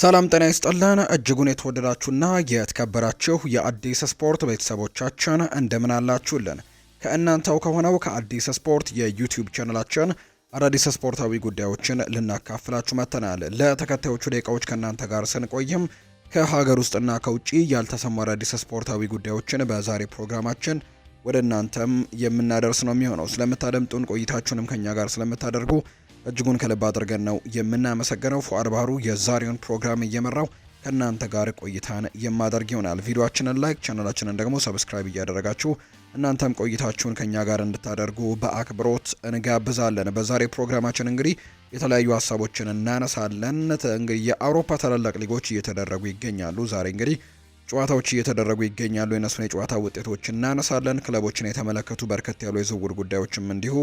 ሰላም ጤና ይስጥልን እጅጉን የተወደዳችሁና የተከበራችሁ የአዲስ ስፖርት ቤተሰቦቻችን እንደምን አላችሁልን? ከእናንተው ከሆነው ከአዲስ ስፖርት የዩቲዩብ ቻነላችን አዳዲስ ስፖርታዊ ጉዳዮችን ልናካፍላችሁ መጥተናል። ለተከታዮቹ ደቂቃዎች ከእናንተ ጋር ስንቆይም ከሀገር ውስጥና ከውጭ ያልተሰሙ አዳዲስ ስፖርታዊ ጉዳዮችን በዛሬ ፕሮግራማችን ወደ እናንተም የምናደርስ ነው የሚሆነው። ስለምታደምጡን ቆይታችሁንም ከኛ ጋር ስለምታደርጉ እጅጉን ከልብ አድርገን ነው የምናመሰግነው። ፉአድ ባህሩ የዛሬውን ፕሮግራም እየመራው ከእናንተ ጋር ቆይታን የማደርግ ይሆናል። ቪዲዮችንን ላይክ፣ ቻናላችንን ደግሞ ሰብስክራይብ እያደረጋችሁ እናንተም ቆይታችሁን ከኛ ጋር እንድታደርጉ በአክብሮት እንጋብዛለን። በዛሬ ፕሮግራማችን እንግዲህ የተለያዩ ሀሳቦችን እናነሳለን። እንግዲህ የአውሮፓ ታላላቅ ሊጎች እየተደረጉ ይገኛሉ። ዛሬ እንግዲህ ጨዋታዎች እየተደረጉ ይገኛሉ። የነሱን የጨዋታ ውጤቶች እናነሳለን። ክለቦችን የተመለከቱ በርከት ያሉ የዝውውር ጉዳዮችም እንዲሁ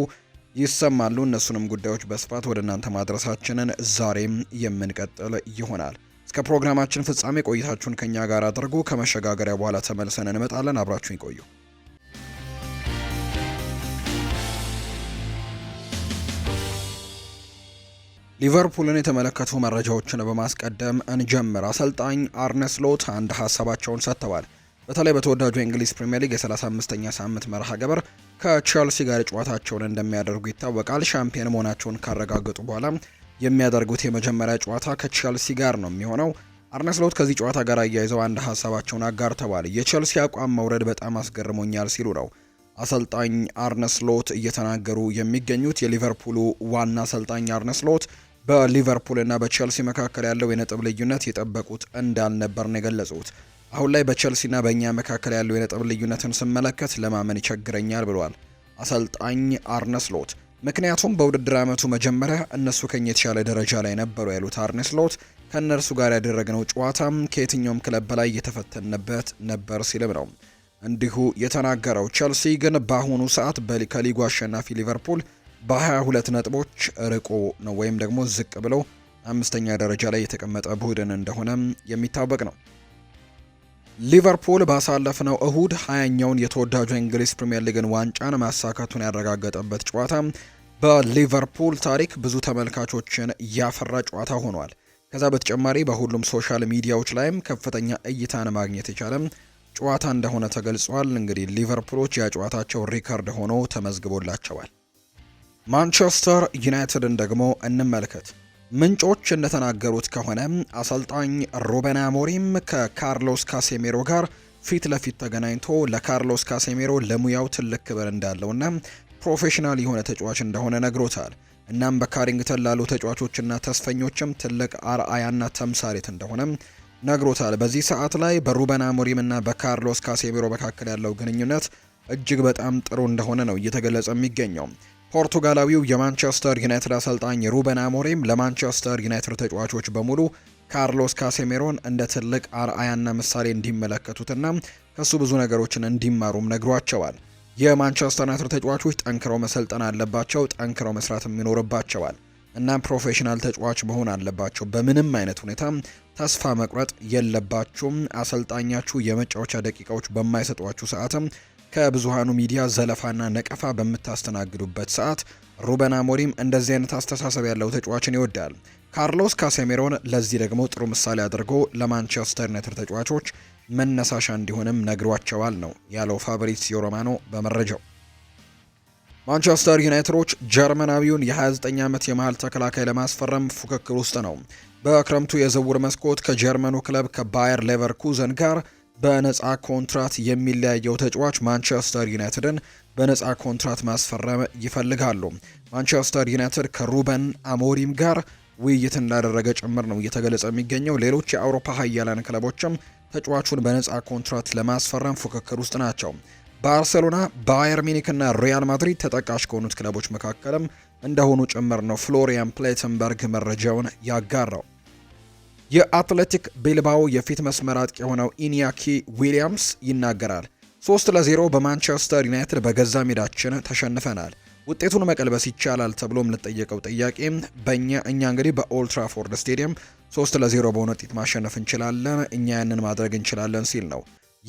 ይሰማሉ። እነሱንም ጉዳዮች በስፋት ወደ እናንተ ማድረሳችንን ዛሬም የምንቀጥል ይሆናል። እስከ ፕሮግራማችን ፍጻሜ ቆይታችሁን ከኛ ጋር አድርጉ። ከመሸጋገሪያ በኋላ ተመልሰን እንመጣለን። አብራችሁን ይቆዩ። ሊቨርፑልን የተመለከቱ መረጃዎችን በማስቀደም እንጀምር። አሰልጣኝ አርነ ስሎት አንድ ሀሳባቸውን ሰጥተዋል። በተለይ በተወዳጁ የእንግሊዝ ፕሪምየር ሊግ የ35ኛ ሳምንት መርሃ ገበር ከቼልሲ ጋር ጨዋታቸውን እንደሚያደርጉ ይታወቃል። ሻምፒየን መሆናቸውን ካረጋገጡ በኋላ የሚያደርጉት የመጀመሪያ ጨዋታ ከቼልሲ ጋር ነው የሚሆነው። አርነ ስሎት ከዚህ ጨዋታ ጋር አያይዘው አንድ ሀሳባቸውን አጋርተዋል። የቼልሲ አቋም መውረድ በጣም አስገርሞኛል ሲሉ ነው አሰልጣኝ አርነ ስሎት እየተናገሩ የሚገኙት። የሊቨርፑሉ ዋና አሰልጣኝ አርነ ስሎት በሊቨርፑልና በቼልሲ መካከል ያለው የነጥብ ልዩነት የጠበቁት እንዳልነበር ነው የገለጹት። አሁን ላይ በቸልሲና በእኛ መካከል ያለው የነጥብ ልዩነትን ስመለከት ለማመን ይቸግረኛል ብሏል አሰልጣኝ አርነስሎት። ምክንያቱም በውድድር ዓመቱ መጀመሪያ እነሱ ከኛ የተሻለ ደረጃ ላይ ነበሩ ያሉት አርነስሎት ከእነርሱ ጋር ያደረግነው ጨዋታም ከየትኛውም ክለብ በላይ እየተፈተንበት ነበር ሲልም ነው እንዲሁ የተናገረው። ቸልሲ ግን በአሁኑ ሰዓት ከሊጉ አሸናፊ ሊቨርፑል በ22 ነጥቦች ርቆ ነው ወይም ደግሞ ዝቅ ብሎ አምስተኛ ደረጃ ላይ የተቀመጠ ቡድን እንደሆነም የሚታወቅ ነው። ሊቨርፑል ባሳለፍነው እሁድ ሀያኛውን የተወዳጁ እንግሊዝ ፕሪምየር ሊግን ዋንጫን ማሳካቱን ያረጋገጠበት ጨዋታ በሊቨርፑል ታሪክ ብዙ ተመልካቾችን ያፈራ ጨዋታ ሆኗል። ከዛ በተጨማሪ በሁሉም ሶሻል ሚዲያዎች ላይም ከፍተኛ እይታን ማግኘት የቻለም ጨዋታ እንደሆነ ተገልጿል። እንግዲህ ሊቨርፑሎች ያጨዋታቸው ሪከርድ ሆኖ ተመዝግቦላቸዋል። ማንቸስተር ዩናይትድን ደግሞ እንመልከት። ምንጮች እንደተናገሩት ከሆነ አሰልጣኝ ሩበን አሞሪም ከካርሎስ ካሴሜሮ ጋር ፊት ለፊት ተገናኝቶ ለካርሎስ ካሴሜሮ ለሙያው ትልቅ ክብር እንዳለውና ፕሮፌሽናል የሆነ ተጫዋች እንደሆነ ነግሮታል። እናም በካሪንግተን ላሉ ተጫዋቾችና ተስፈኞችም ትልቅ አርአያና ተምሳሌት እንደሆነ ነግሮታል። በዚህ ሰዓት ላይ በሩበን አሞሪምና በካርሎስ ካሴሜሮ መካከል ያለው ግንኙነት እጅግ በጣም ጥሩ እንደሆነ ነው እየተገለጸ የሚገኘው። ፖርቱጋላዊው የማንቸስተር ዩናይትድ አሰልጣኝ ሩበን አሞሪም ለማንቸስተር ዩናይትድ ተጫዋቾች በሙሉ ካርሎስ ካሴሜሮን እንደ ትልቅ አርአያና ምሳሌ እንዲመለከቱትና ከሱ ብዙ ነገሮችን እንዲማሩም ነግሯቸዋል። የማንቸስተር ዩናይትድ ተጫዋቾች ጠንክረው መሰልጠን አለባቸው፣ ጠንክረው መስራትም ይኖርባቸዋል። እናም ፕሮፌሽናል ተጫዋች መሆን አለባቸው። በምንም አይነት ሁኔታ ተስፋ መቁረጥ የለባችሁም። አሰልጣኛችሁ የመጫወቻ ደቂቃዎች በማይሰጧችሁ ሰዓትም ከብዙሃኑ ሚዲያ ዘለፋና ነቀፋ በምታስተናግዱበት ሰዓት ሩበን አሞሪም እንደዚህ አይነት አስተሳሰብ ያለው ተጫዋችን ይወዳል። ካርሎስ ካሴሜሮን ለዚህ ደግሞ ጥሩ ምሳሌ አድርጎ ለማንቸስተር ዩናይትድ ተጫዋቾች መነሳሻ እንዲሆንም ነግሯቸዋል ነው ያለው ፋብሪዚዮ ሮማኖ በመረጃው። ማንቸስተር ዩናይትዶች ጀርመናዊውን የ29 ዓመት የመሃል ተከላካይ ለማስፈረም ፉክክር ውስጥ ነው። በክረምቱ የዝውውር መስኮት ከጀርመኑ ክለብ ከባየር ሌቨርኩዘን ጋር በነፃ ኮንትራት የሚለያየው ተጫዋች ማንቸስተር ዩናይትድን በነፃ ኮንትራት ማስፈረም ይፈልጋሉ። ማንቸስተር ዩናይትድ ከሩበን አሞሪም ጋር ውይይት እንዳደረገ ጭምር ነው እየተገለጸ የሚገኘው። ሌሎች የአውሮፓ ሀያላን ክለቦችም ተጫዋቹን በነፃ ኮንትራት ለማስፈረም ፉክክር ውስጥ ናቸው። ባርሴሎና፣ ባየር ሚኒክ እና ሪያል ማድሪድ ተጠቃሽ ከሆኑት ክለቦች መካከልም እንደሆኑ ጭምር ነው ፍሎሪያን ፕሌተንበርግ መረጃውን ያጋራው። የአትሌቲክ ቤልባኦ የፊት መስመር አጥቂ የሆነው ኢኒያኪ ዊሊያምስ ይናገራል። ሶስት ለዜሮ በማንቸስተር ዩናይትድ በገዛ ሜዳችን ተሸንፈናል። ውጤቱን መቀልበስ ይቻላል ተብሎም ለጠየቀው ጥያቄ በእኛ እኛ እንግዲህ በኦልትራፎርድ ስቴዲየም ሶስት ለዜሮ በሆነ ውጤት ማሸነፍ እንችላለን፣ እኛ ያንን ማድረግ እንችላለን ሲል ነው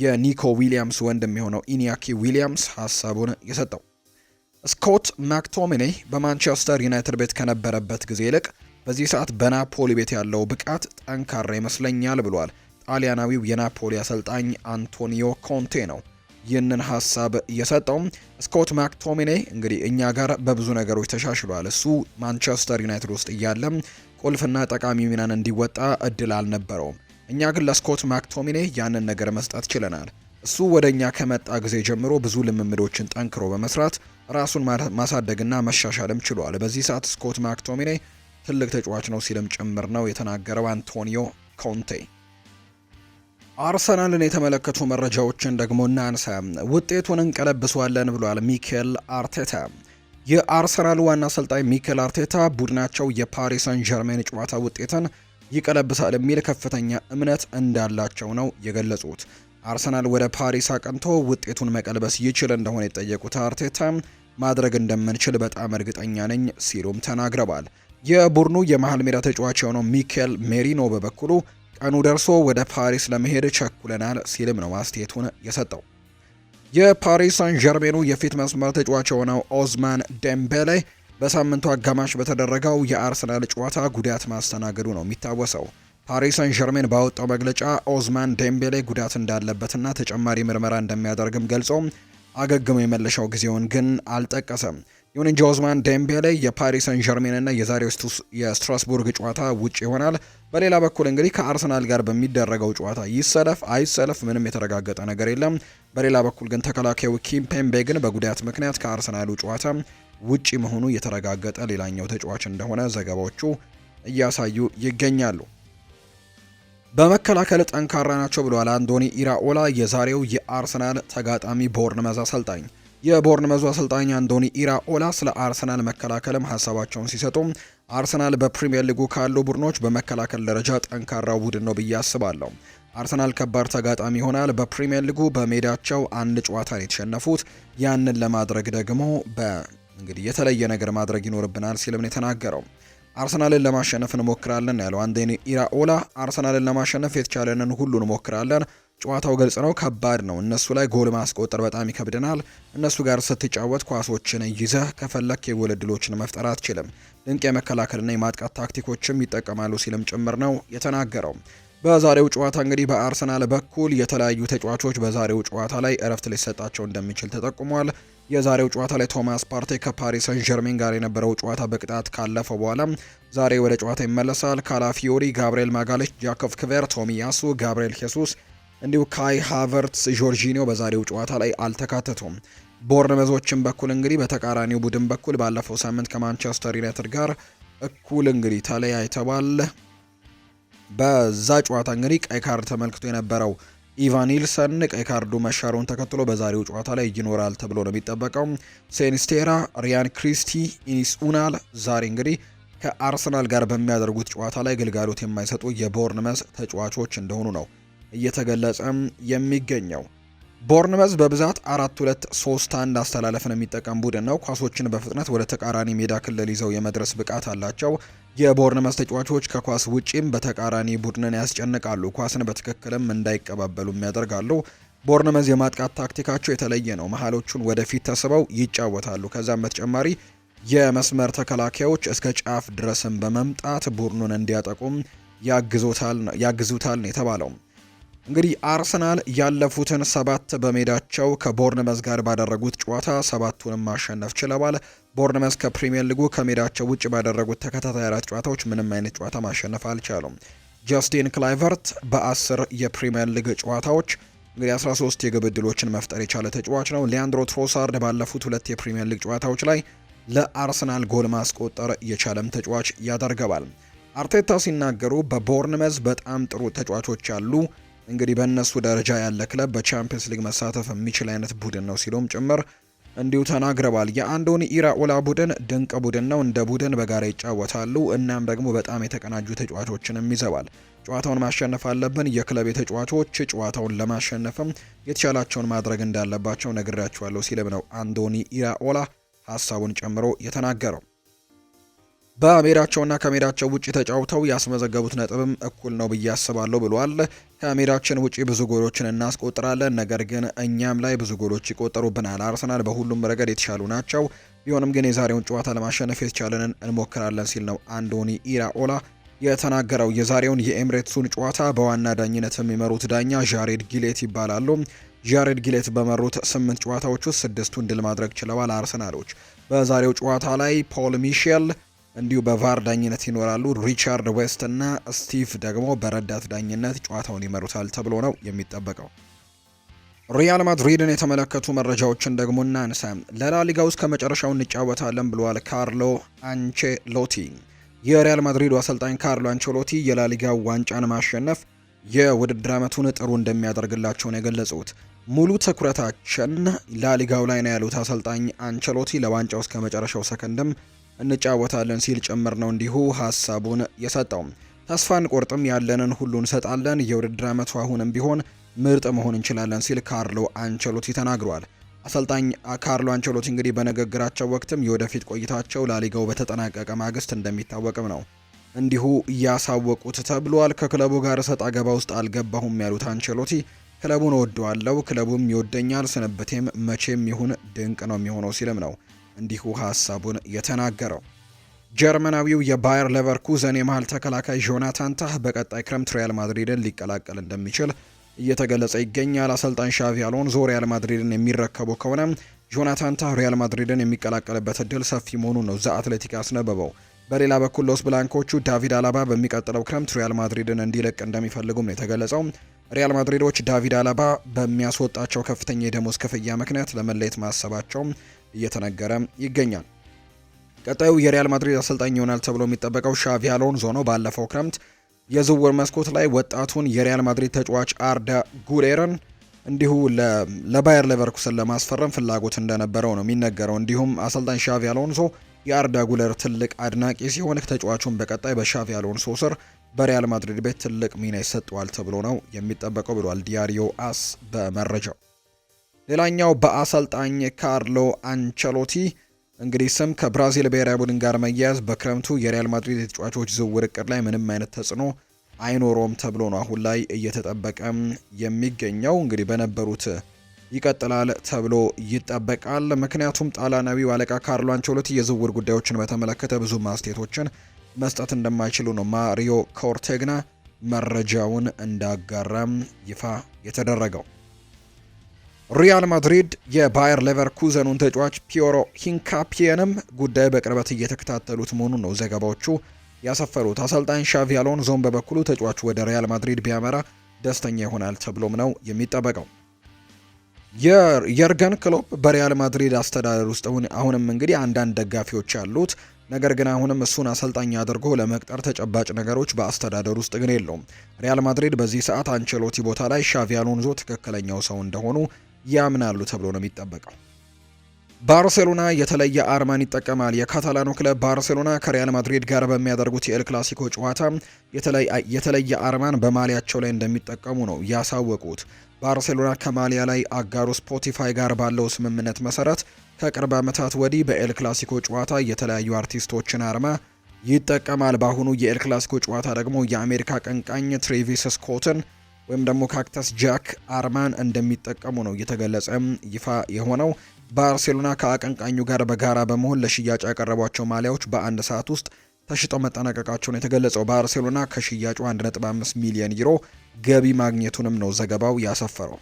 የኒኮ ዊሊያምስ ወንድም የሆነው ኢኒያኪ ዊሊያምስ ሀሳቡን የሰጠው። ስኮት ማክቶሚኔ በማንቸስተር ዩናይትድ ቤት ከነበረበት ጊዜ ይልቅ በዚህ ሰዓት በናፖሊ ቤት ያለው ብቃት ጠንካራ ይመስለኛል ብሏል ጣሊያናዊው የናፖሊ አሰልጣኝ አንቶኒዮ ኮንቴ ነው ይህንን ሀሳብ እየሰጠውም ስኮት ማክቶሚኔ እንግዲህ እኛ ጋር በብዙ ነገሮች ተሻሽሏል። እሱ ማንቸስተር ዩናይትድ ውስጥ እያለም ቁልፍና ጠቃሚ ሚናን እንዲወጣ እድል አልነበረውም። እኛ ግን ለስኮት ማክቶሚኔ ያንን ነገር መስጠት ችለናል። እሱ ወደ እኛ ከመጣ ጊዜ ጀምሮ ብዙ ልምምዶችን ጠንክሮ በመስራት ራሱን ማሳደግና መሻሻልም ችሏል። በዚህ ሰዓት ስኮት ማክቶሚኔ ትልቅ ተጫዋች ነው ሲልም ጭምር ነው የተናገረው አንቶኒዮ ኮንቴ። አርሰናልን የተመለከቱ መረጃዎችን ደግሞ እናንሳ። ውጤቱን እንቀለብሷለን ብሏል ሚኬል አርቴታ። የአርሰናል ዋና አሰልጣኝ ሚኬል አርቴታ ቡድናቸው የፓሪስ ሰን ጀርሜን ጨዋታ ውጤትን ይቀለብሳል የሚል ከፍተኛ እምነት እንዳላቸው ነው የገለጹት። አርሰናል ወደ ፓሪስ አቅንቶ ውጤቱን መቀልበስ ይችል እንደሆነ የጠየቁት አርቴታ ማድረግ እንደምንችል በጣም እርግጠኛ ነኝ ሲሉም ተናግረዋል። የቡድኑ የመሀል ሜዳ ተጫዋች የሆነው ሚኬል ሜሪኖ በበኩሉ ቀኑ ደርሶ ወደ ፓሪስ ለመሄድ ቸኩለናል ሲልም ነው አስተያየቱን የሰጠው። የፓሪስ ሳን ዠርሜኑ የፊት መስመር ተጫዋች የሆነው ኦዝማን ዴምቤሌ በሳምንቱ አጋማሽ በተደረገው የአርሰናል ጨዋታ ጉዳት ማስተናገዱ ነው የሚታወሰው። ፓሪስ ሳን ዠርሜን ባወጣው መግለጫ ኦዝማን ዴምቤሌ ጉዳት እንዳለበትና ተጨማሪ ምርመራ እንደሚያደርግም ገልጾ አገግሞ የመለሻው ጊዜውን ግን አልጠቀሰም። ይሁን እንጂ ኦዝማን ዴምቤሌ የፓሪስ ሰን ዠርሜንና የዛሬው የስትራስቡርግ ጨዋታ ውጭ ይሆናል። በሌላ በኩል እንግዲህ ከአርሰናል ጋር በሚደረገው ጨዋታ ይሰለፍ አይሰለፍ ምንም የተረጋገጠ ነገር የለም። በሌላ በኩል ግን ተከላካዩ ኪምፔምቤ ግን በጉዳት ምክንያት ከአርሰናሉ ጨዋታ ውጪ መሆኑ የተረጋገጠ ሌላኛው ተጫዋች እንደሆነ ዘገባዎቹ እያሳዩ ይገኛሉ። በመከላከል ጠንካራ ናቸው ብለዋል አንዶኒ ኢራኦላ፣ የዛሬው የአርሰናል ተጋጣሚ ቦርንመዝ አሰልጣኝ። የቦርንመዙ አሰልጣኝ አንዶኒ ኢራኦላ ስለ አርሰናል መከላከልም ሀሳባቸውን ሲሰጡ አርሰናል በፕሪምየር ሊጉ ካሉ ቡድኖች በመከላከል ደረጃ ጠንካራው ቡድን ነው ብዬ አስባለሁ። አርሰናል ከባድ ተጋጣሚ ይሆናል። በፕሪምየር ሊጉ በሜዳቸው አንድ ጨዋታ ነው የተሸነፉት፣ ያንን ለማድረግ ደግሞ በእንግዲህ የተለየ ነገር ማድረግ ይኖርብናል ሲልም ነው የተናገረው። አርሰናልን ለማሸነፍ እንሞክራለን ያለው አንዴኒ ኢራኦላ አርሰናልን ለማሸነፍ የተቻለንን ሁሉ እንሞክራለን። ጨዋታው ግልጽ ነው፣ ከባድ ነው። እነሱ ላይ ጎል ማስቆጠር በጣም ይከብደናል። እነሱ ጋር ስትጫወት ኳሶችን ይዘህ ከፈለክ የጎል እድሎችን መፍጠር አትችልም። ድንቅ የመከላከልና የማጥቃት ታክቲኮችም ይጠቀማሉ ሲልም ጭምር ነው የተናገረው። በዛሬው ጨዋታ እንግዲህ በአርሰናል በኩል የተለያዩ ተጫዋቾች በዛሬው ጨዋታ ላይ እረፍት ሊሰጣቸው እንደሚችል ተጠቁሟል። የዛሬው ጨዋታ ላይ ቶማስ ፓርቴ ከፓሪስ ሰን ጀርሜን ጋር የነበረው ጨዋታ በቅጣት ካለፈው በኋላ ዛሬ ወደ ጨዋታ ይመለሳል። ካላፊዮሪ፣ ጋብርኤል ማጋለች፣ ጃኮቭ ክቨር፣ ቶሚያሱ፣ ጋብርኤል ሄሱስ እንዲሁ ካይ ሃቨርትስ፣ ጆርጂኒዮ በዛሬው ጨዋታ ላይ አልተካተቱም። ቦርንመዞችን በኩል እንግዲህ በተቃራኒው ቡድን በኩል ባለፈው ሳምንት ከማንቸስተር ዩናይትድ ጋር እኩል እንግዲህ ተለያይተዋል። በዛ ጨዋታ እንግዲህ ቀይ ካርድ ተመልክቶ የነበረው ኢቫን ኢልሰን ቀይ ካርዱ መሻሩን ተከትሎ በዛሬው ጨዋታ ላይ ይኖራል ተብሎ ነው የሚጠበቀው። ሴንስቴራ፣ ሪያን ክሪስቲ፣ ኡናል ዛሬ እንግዲህ ከአርሰናል ጋር በሚያደርጉት ጨዋታ ላይ ግልጋሎት የማይሰጡ የቦርንመስ ተጫዋቾች እንደሆኑ ነው እየተገለጸም የሚገኘው። ቦርንመዝ በብዛት አራት ሁለት ሶስት አንድ አስተላለፍን የሚጠቀም ቡድን ነው። ኳሶችን በፍጥነት ወደ ተቃራኒ ሜዳ ክልል ይዘው የመድረስ ብቃት አላቸው። የቦርንመዝ ተጫዋቾች ከኳስ ውጪም በተቃራኒ ቡድንን ያስጨንቃሉ። ኳስን በትክክልም እንዳይቀባበሉም ያደርጋሉ። ቦርንመዝ የማጥቃት ታክቲካቸው የተለየ ነው። መሀሎቹን ወደፊት ተስበው ይጫወታሉ። ከዛም በተጨማሪ የመስመር ተከላካዮች እስከ ጫፍ ድረስም በመምጣት ቡድኑን እንዲያጠቁም ያግዙታል ነው የተባለው። እንግዲህ አርሰናል ያለፉትን ሰባት በሜዳቸው ከቦርንመዝ ጋር ባደረጉት ጨዋታ ሰባቱንም ማሸነፍ ችለዋል። ቦርንመዝ ከፕሪምየር ሊጉ ከሜዳቸው ውጭ ባደረጉት ተከታታይ አራት ጨዋታዎች ምንም አይነት ጨዋታ ማሸነፍ አልቻሉም። ጃስቲን ክላይቨርት በአስር የፕሪምየር ሊግ ጨዋታዎች እንግዲህ 13 የግብ ዕድሎችን መፍጠር የቻለ ተጫዋች ነው። ሊያንድሮ ትሮሳርድ ባለፉት ሁለት የፕሪምየር ሊግ ጨዋታዎች ላይ ለአርሰናል ጎል ማስቆጠር የቻለም ተጫዋች ያደርገዋል። አርቴታ ሲናገሩ በቦርንመዝ በጣም ጥሩ ተጫዋቾች አሉ እንግዲህ በእነሱ ደረጃ ያለ ክለብ በቻምፒየንስ ሊግ መሳተፍ የሚችል አይነት ቡድን ነው ሲሉም ጭምር እንዲሁ ተናግረዋል። የአንዶኒ ኢራኦላ ቡድን ድንቅ ቡድን ነው። እንደ ቡድን በጋራ ይጫወታሉ። እናም ደግሞ በጣም የተቀናጁ ተጫዋቾችንም ይዘዋል። ጨዋታውን ማሸነፍ አለብን። የክለብ ተጫዋቾች ጨዋታውን ለማሸነፍም የተቻላቸውን ማድረግ እንዳለባቸው ነግሬያቸዋለሁ ሲልም ነው አንዶኒ ኢራኦላ ሀሳቡን ጨምሮ የተናገረው። በሜዳቸውና ከሜዳቸው ውጭ ተጫውተው ያስመዘገቡት ነጥብም እኩል ነው ብዬ አስባለሁ ብሏል። ከሜዳችን ውጪ ብዙ ጎሎችን እናስቆጥራለን፣ ነገር ግን እኛም ላይ ብዙ ጎሎች ይቆጠሩብናል። አርሰናል በሁሉም ረገድ የተሻሉ ናቸው። ቢሆንም ግን የዛሬውን ጨዋታ ለማሸነፍ የተቻለንን እንሞክራለን ሲል ነው አንዶኒ ኢራኦላ የተናገረው። የዛሬውን የኤምሬትሱን ጨዋታ በዋና ዳኝነት የሚመሩት ዳኛ ዣሬድ ጊሌት ይባላሉ። ጃሬድ ጊሌት በመሩት ስምንት ጨዋታዎች ውስጥ ስድስቱን ድል ማድረግ ችለዋል አርሰናሎች። በዛሬው ጨዋታ ላይ ፖል ሚሼል እንዲሁ በቫር ዳኝነት ይኖራሉ። ሪቻርድ ዌስት እና ስቲቭ ደግሞ በረዳት ዳኝነት ጨዋታውን ይመሩታል ተብሎ ነው የሚጠበቀው። ሪያል ማድሪድን የተመለከቱ መረጃዎችን ደግሞ እናንሳ። ለላሊጋ ውስጥ ከመጨረሻው እንጫወታለን ብለዋል ካርሎ አንቼሎቲ። የሪያል ማድሪዱ አሰልጣኝ ካርሎ አንቼሎቲ የላሊጋ ዋንጫን ማሸነፍ የውድድር አመቱን ጥሩ እንደሚያደርግላቸው ነው የገለጹት። ሙሉ ትኩረታችን ላሊጋው ላይ ነው ያሉት አሰልጣኝ አንቸሎቲ ለዋንጫው እስከ መጨረሻው ሰከንድም እንጫወታለን ሲል ጭምር ነው እንዲሁ ሀሳቡን የሰጠው። ተስፋን ቆርጥም ያለንን ሁሉ እንሰጣለን፣ የውድድር ዓመቱ አሁንም ቢሆን ምርጥ መሆን እንችላለን ሲል ካርሎ አንቸሎቲ ተናግሯል። አሰልጣኝ ካርሎ አንቸሎቲ እንግዲህ በንግግራቸው ወቅትም የወደፊት ቆይታቸው ላሊጋው በተጠናቀቀ ማግስት እንደሚታወቅም ነው እንዲሁ ያሳወቁት ተብሏል። ከክለቡ ጋር እሰጥ አገባ ውስጥ አልገባሁም ያሉት አንቸሎቲ ክለቡን እወደዋለሁ፣ ክለቡም ይወደኛል፣ ስንብቴም መቼም ይሁን ድንቅ ነው የሚሆነው ሲልም ነው እንዲሁ ሀሳቡን የተናገረው። ጀርመናዊው የባየር ሌቨርኩዘን የመሃል ተከላካይ ጆናታን ታህ በቀጣይ ክረምት ሪያል ማድሪድን ሊቀላቀል እንደሚችል እየተገለጸ ይገኛል። አሰልጣኝ ሻቪ አሎንሶ ሪያል ማድሪድን የሚረከቡ ከሆነ ጆናታን ታህ ሪያል ማድሪድን የሚቀላቀልበት እድል ሰፊ መሆኑን ነው ዘ አትሌቲክ ያስነበበው። በሌላ በኩል ሎስ ብላንኮቹ ዳቪድ አላባ በሚቀጥለው ክረምት ሪያል ማድሪድን እንዲለቅ እንደሚፈልጉም ነው የተገለጸው። ሪያል ማድሪዶች ዳቪድ አላባ በሚያስወጣቸው ከፍተኛ የደሞዝ ክፍያ ምክንያት ለመለየት ማሰባቸውም። እየተነገረ ይገኛል። ቀጣዩ የሪያል ማድሪድ አሰልጣኝ ይሆናል ተብሎ የሚጠበቀው ሻቪ አሎንሶ ነው። ባለፈው ክረምት የዝውውር መስኮት ላይ ወጣቱን የሪያል ማድሪድ ተጫዋች አርዳ ጉሌርን እንዲሁ ለባየር ሌቨርኩሰን ለማስፈረም ፍላጎት እንደነበረው ነው የሚነገረው። እንዲሁም አሰልጣኝ ሻቪ አሎንሶ የአርዳ ጉለር ትልቅ አድናቂ ሲሆን ተጫዋቹን በቀጣይ በሻቪ አሎንሶ ስር በሪያል ማድሪድ ቤት ትልቅ ሚና ይሰጠዋል ተብሎ ነው የሚጠበቀው ብሏል ዲያሪዮ አስ በመረጃው። ሌላኛው በአሰልጣኝ ካርሎ አንቸሎቲ እንግዲህ ስም ከብራዚል ብሔራዊ ቡድን ጋር መያያዝ በክረምቱ የሪያል ማድሪድ የተጫዋቾች ዝውውር እቅድ ላይ ምንም አይነት ተጽዕኖ አይኖረውም ተብሎ ነው አሁን ላይ እየተጠበቀም የሚገኘው። እንግዲህ በነበሩት ይቀጥላል ተብሎ ይጠበቃል። ምክንያቱም ጣሊያናዊው አለቃ ካርሎ አንቸሎቲ የዝውውር ጉዳዮችን በተመለከተ ብዙ ማስተያየቶችን መስጠት እንደማይችሉ ነው ማሪዮ ኮርቴግና መረጃውን እንዳጋራም ይፋ የተደረገው። ሪያል ማድሪድ የባየር ሌቨርኩዘኑን ተጫዋች ፒዮሮ ሂንካፒየንም ጉዳይ በቅርበት እየተከታተሉት መሆኑን ነው ዘገባዎቹ ያሰፈሩት። አሰልጣኝ ሻቪ አሎንሶም በበኩሉ ተጫዋቹ ወደ ሪያል ማድሪድ ቢያመራ ደስተኛ ይሆናል ተብሎም ነው የሚጠበቀው። የርገን ክሎፕ በሪያል ማድሪድ አስተዳደር ውስጥ አሁንም እንግዲህ አንዳንድ ደጋፊዎች ያሉት ነገር ግን አሁንም እሱን አሰልጣኝ አድርጎ ለመቅጠር ተጨባጭ ነገሮች በአስተዳደር ውስጥ ግን የለውም። ሪያል ማድሪድ በዚህ ሰዓት አንቸሎቲ ቦታ ላይ ሻቪ አሎንዞ ትክክለኛው ሰው እንደሆኑ ያምናሉ ተብሎ ነው የሚጠበቀው። ባርሴሎና የተለየ አርማን ይጠቀማል። የካታላኑ ክለብ ባርሴሎና ከሪያል ማድሪድ ጋር በሚያደርጉት የኤል ክላሲኮ ጨዋታ የተለየ አርማን በማሊያቸው ላይ እንደሚጠቀሙ ነው ያሳወቁት። ባርሴሎና ከማሊያ ላይ አጋሩ ስፖቲፋይ ጋር ባለው ስምምነት መሰረት ከቅርብ ዓመታት ወዲህ በኤል ክላሲኮ ጨዋታ የተለያዩ አርቲስቶችን አርማ ይጠቀማል። በአሁኑ የኤል ክላሲኮ ጨዋታ ደግሞ የአሜሪካ ቀንቃኝ ትሬቪስ ስኮትን ወይም ደግሞ ካክተስ ጃክ አርማን እንደሚጠቀሙ ነው እየተገለጸ ይፋ የሆነው። ባርሴሎና ከአቀንቃኙ ጋር በጋራ በመሆን ለሽያጭ ያቀረቧቸው ማሊያዎች በአንድ ሰዓት ውስጥ ተሽጠው መጠናቀቃቸውን የተገለጸው ባርሴሎና ከሽያጩ 1.5 ሚሊዮን ዩሮ ገቢ ማግኘቱንም ነው ዘገባው ያሰፈረው።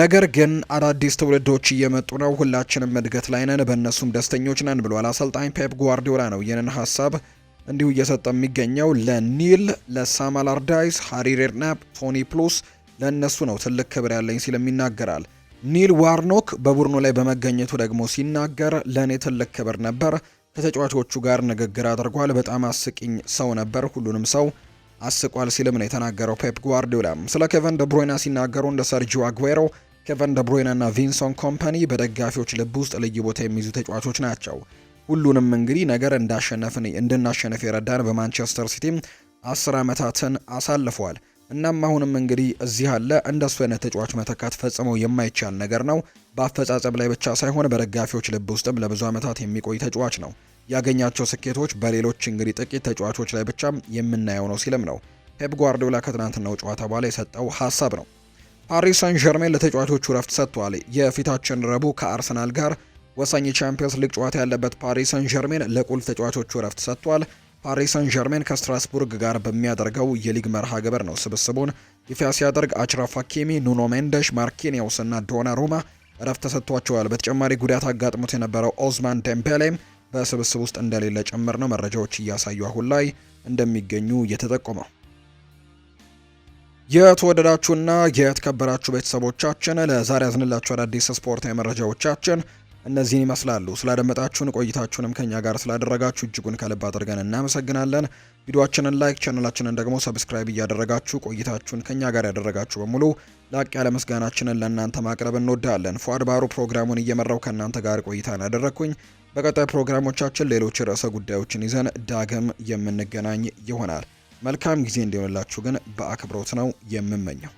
ነገር ግን አዳዲስ ትውልዶች እየመጡ ነው፣ ሁላችንም እድገት ላይ ነን፣ በእነሱም ደስተኞች ነን ብሏል አሰልጣኝ ፔፕ ጓርዲዮላ ነው ይህንን ሀሳብ እንዲሁ እየሰጠ የሚገኘው ለኒል ለሳም አላርዳይስ፣ ሃሪ ሬድናፕ፣ ቶኒ ፕሉስ ለእነሱ ነው ትልቅ ክብር ያለኝ ሲልም ይናገራል። ኒል ዋርኖክ በቡድኑ ላይ በመገኘቱ ደግሞ ሲናገር ለእኔ ትልቅ ክብር ነበር። ከተጫዋቾቹ ጋር ንግግር አድርጓል። በጣም አስቂኝ ሰው ነበር፣ ሁሉንም ሰው አስቋል ሲልም ነው የተናገረው። ፔፕ ጓርዲዮላ ስለ ኬቨን ደብሮይና ሲናገሩ እንደ ሰርጂዮ አጉዌሮ፣ ኬቨን ደብሮይና ና ቪንሶን ኮምፓኒ በደጋፊዎች ልብ ውስጥ ልዩ ቦታ የሚይዙ ተጫዋቾች ናቸው። ሁሉንም እንግዲህ ነገር እንዳሸነፍን እንድናሸነፍ የረዳን በማንቸስተር ሲቲ አስር ዓመታትን አሳልፏል። እናም አሁንም እንግዲህ እዚህ አለ። እንደሱ አይነት ተጫዋች መተካት ፈጽመው የማይቻል ነገር ነው። በአፈጻጸም ላይ ብቻ ሳይሆን በደጋፊዎች ልብ ውስጥም ለብዙ ዓመታት የሚቆይ ተጫዋች ነው። ያገኛቸው ስኬቶች በሌሎች እንግዲህ ጥቂት ተጫዋቾች ላይ ብቻ የምናየው ነው ሲልም ነው ፔፕ ጓርዲዮላ ከትናንትናው ጨዋታ በኋላ የሰጠው ሀሳብ ነው። ፓሪስ ሳን ዠርሜን ለተጫዋቾቹ ረፍት ሰጥቷል። የፊታችን ረቡዕ ከአርሰናል ጋር ወሳኝ የቻምፒየንስ ሊግ ጨዋታ ያለበት ፓሪስ ሰን ዠርሜን ለቁልፍ ተጫዋቾቹ እረፍት ሰጥቷል። ፓሪስ ሰን ዠርሜን ከስትራስቡርግ ጋር በሚያደርገው የሊግ መርሃ ግብር ነው ስብስቡን ይፋ ሲያደርግ አችራፍ ሀኪሚ፣ ኑኖ ሜንደሽ፣ ማርኪኒያውስ እና ዶና ሩማ እረፍት ተሰጥቷቸዋል። በተጨማሪ ጉዳት አጋጥሞት የነበረው ኦዝማን ደምቤሌም በስብስብ ውስጥ እንደሌለ ጭምር ነው መረጃዎች እያሳዩ አሁን ላይ እንደሚገኙ የተጠቆመው። የተወደዳችሁና የተከበራችሁ ቤተሰቦቻችን ለዛሬ ያዝንላችሁ አዳዲስ ስፖርታዊ መረጃዎቻችን እነዚህን ይመስላሉ። ስላደመጣችሁን ቆይታችሁንም ከኛ ጋር ስላደረጋችሁ እጅጉን ከልብ አድርገን እናመሰግናለን። ቪዲዮችንን ላይክ፣ ቻናላችንን ደግሞ ሰብስክራይብ እያደረጋችሁ ቆይታችሁን ከኛ ጋር ያደረጋችሁ በሙሉ ላቅ ያለ ምስጋናችንን ለእናንተ ማቅረብ እንወዳለን። ፏድ ባሩ ፕሮግራሙን እየመራው ከእናንተ ጋር ቆይታን ያደረግኩኝ። በቀጣይ ፕሮግራሞቻችን ሌሎች ርዕሰ ጉዳዮችን ይዘን ዳግም የምንገናኝ ይሆናል። መልካም ጊዜ እንዲሆንላችሁ ግን በአክብሮት ነው የምመኘው።